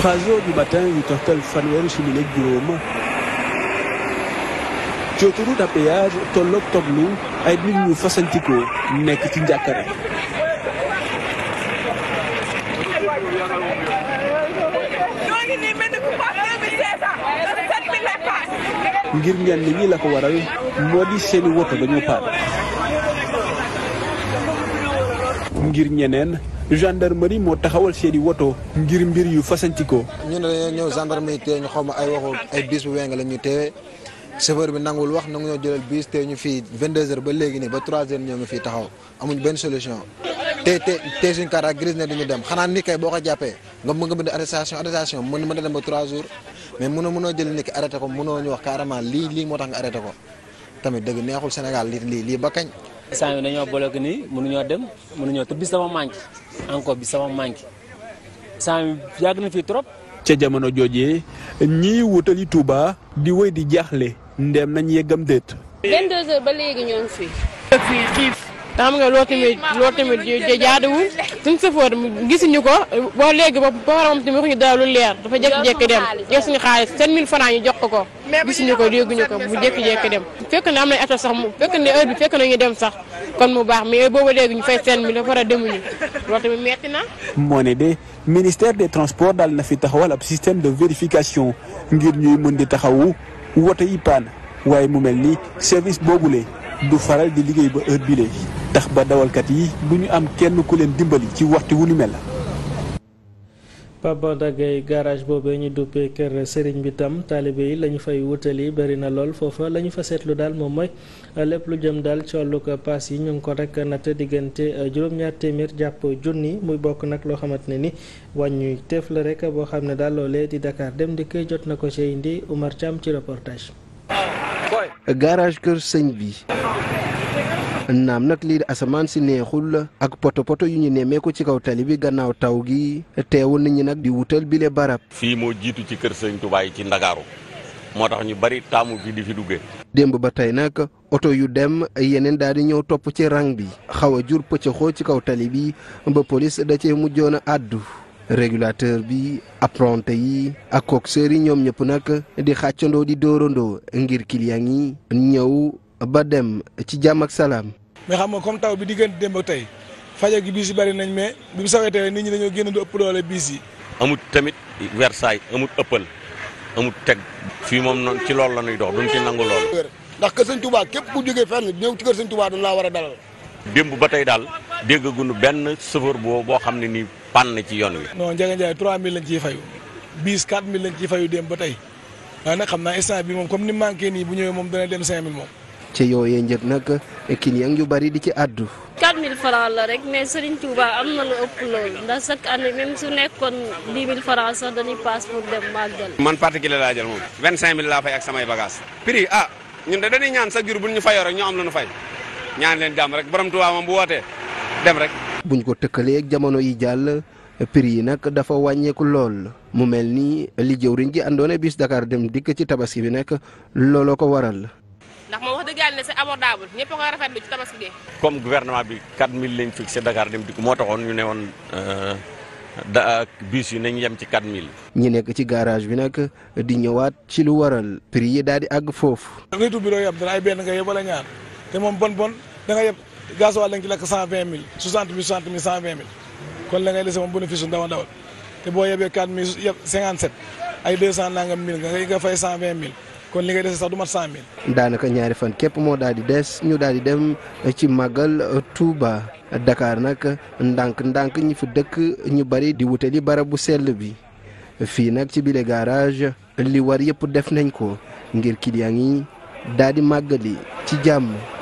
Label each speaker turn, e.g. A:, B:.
A: 3 heures du matin yu toxtal fanweeri simili ak juróom ci autoroute à péage tolloog toglu ay nit ñu fasantikoo nekk ci njàkkare ngir ñenn ñi la ko waral moo di seeni woto lañu paan ngir ñeneen gendarmerie moo taxawal seeni woto ngir mbir yu fasantikoo
B: ñu ne dañoo ñëw gendarmerie tee ñu xaw ma ay waxu ay bis bu weng la ñu teewee chauffeur bi nanguwul wax nangu ñoo jëlal bis te ñu fii 22h ba léegi nii ba 3h ñoo ngi fii taxaw amuñ benn solution te te te suñ carte grise ne dañu dem xanaa ni kay boo ko jàppee nga mën nga bind arrestation arrestation a dem ba 3 jours mais mënoo mënoo jël nit ki arrêté ko mënoo ñu wax carrément lii lii moo tax nga arrêté ko tamit dëgg neexul Sénégal lii lii lii ba kañ saa yi dañoo bloqué nii mënuñoo dem mënuñoo te bis sama manqué encore bi sama manqué saa yi yàgg na fii
A: trop. ca jamono joojee ñii wutali Touba di wéy di jaaxle ndem
B: nañ yeggam déet. 22 te xam nga loo tamit loo tamit jaaduwul suñu sëfoor gisuñu ko ba léegi ba borom tamit waxuñu dara lu leer dafa jekk jekk dem jël suñu xaalis 7000F ñu jox ko ko gisuñu ko dégguñu ko mu jékki-jékki dem fekk na am na mu fekk na heure bi na ñu dem sax kon mu baax mais booba léegi ñu fay seen mi dafa war a demuñu loolu tamit metti na
A: moo ne de ministère de transports daal na fi taxawal ab système de vérification ngir ñuy mun di taxawu woto yi paan waaye mu mel ni service boobule du faral di liggéey ba heure bi léegi tax ba dawalkat yi du ñu am kenn ku leen dimbali ci waxti wu ni mel.
B: Papa Dagay garage boobee ñu duppee kër sëriñ bi itam taalibe yi la fay wutali bari na lool foofa lañu fa seetlu daal moom mooy lépp lu jëm daal ci wàllug yi ñu ngi ko rek natt diggante juróom-ñaar téeméer jàpp junni muy bokk nag loo xamante ne ni wàññi teef la rek boo xam ne daal loolee di Dakar dem di jot na ko ci indi Umar Thiam ci reportage. garage kër sëñ bi. naam nag lii asamaan si neexul ak poto poto yu ñu nemmee ko ci kaw tali bi gannaaw taw gi teewul nit ñi nag di wutal bile barab.
C: fii moo jiitu ci kër sëñ Tuubaa ci Ndakaaru moo tax ñu bari taamu fi di fi duggee.
B: démb ba tey nag oto yu dem yeneen daal di ñëw topp ci ràng bi xaw a jur pëccëxoo ci kaw tali bi ba police da cee mujjoon a àddu régulateur bi apronte yi ak coxeur yi ñoom ñëpp nag di xàccandoo di dóorandoo ngir client yi ñëw. ba dem ci jàmm ak salaam.
C: mais xam nga comme taw bi dem ba tey fajar gi biis yi bari nañ mais bi mu sawee tey nit ñi dañoo génn du ëpp doole biis yi. amut tamit Versailles amut ëppal amut teg. fii moom ci loolu la ñuy dox duñ ci nangu lool. ndax kër sëñ Touba képp ku jógee fenn ñëw ci kër sëñ Touba dañ laa war a dalal. démb ba tey daal déggaguñu benn chauffeur boo boo xam ne nii pan ci yoon wi. non Ndiaga Ndiaye 3000 lañ ciy fayu biis 4000
B: ci yooyee njëg nag client yu bari di ci àddu. 4000 francs la rek mais Serigne Touba am na lu ëpp loolu ndax chaque année même su nekkoon 10 sax dañuy paas pour dem màggal.
A: man particulier laa jël moom 25000 laa fay ak samay bagages. prix a ah, ñun da dañuy ñaan sa jur bu ñu fayoo rek ñu am lu ñu fay ñaan leen jàmm rek borom Touba moom bu wootee
B: dem rek. buñ ko tëkkalee ak jamono yi jàll. prix yi nag dafa wàññeeku lool mu mel ni li jëwriñ gi àndoone bis Dakar de dikk ci tabaski bi nag looloo ko waral ne c'est abordable a koy rafetlu ci tabaski gi. comme gouvernement bi
C: 4000 lañ fixé Dakar dem dikk moo taxoon ñu ne woon euh, da bus yi nañ yem ci 4000.
B: ñi nekk ci garage bi nag di ñëwaat ci lu waral prix yi daal di àgg foofu. nitu
C: bi loo yab dara ay benn nga yeb wala ñaar te moom bon bon da nga yeb gasoil lañ ci lekk 120000 60000 60000 120000 kon la ngay dese moom bénéfice su boo yebee 4000 yeb 57 ay 200 nangam mille kon li nga dese sax
B: daanaka ñaari fan képp moo daal di des ñu daal di dem ci màggal tuuba Dakar nag ndank ndànk ñi fu dëkk ñu bari di wutali barab bu sell bi fii nag ci bile garage li war yëpp def nañ ko ngir client yi daal di màggali ci jàmm.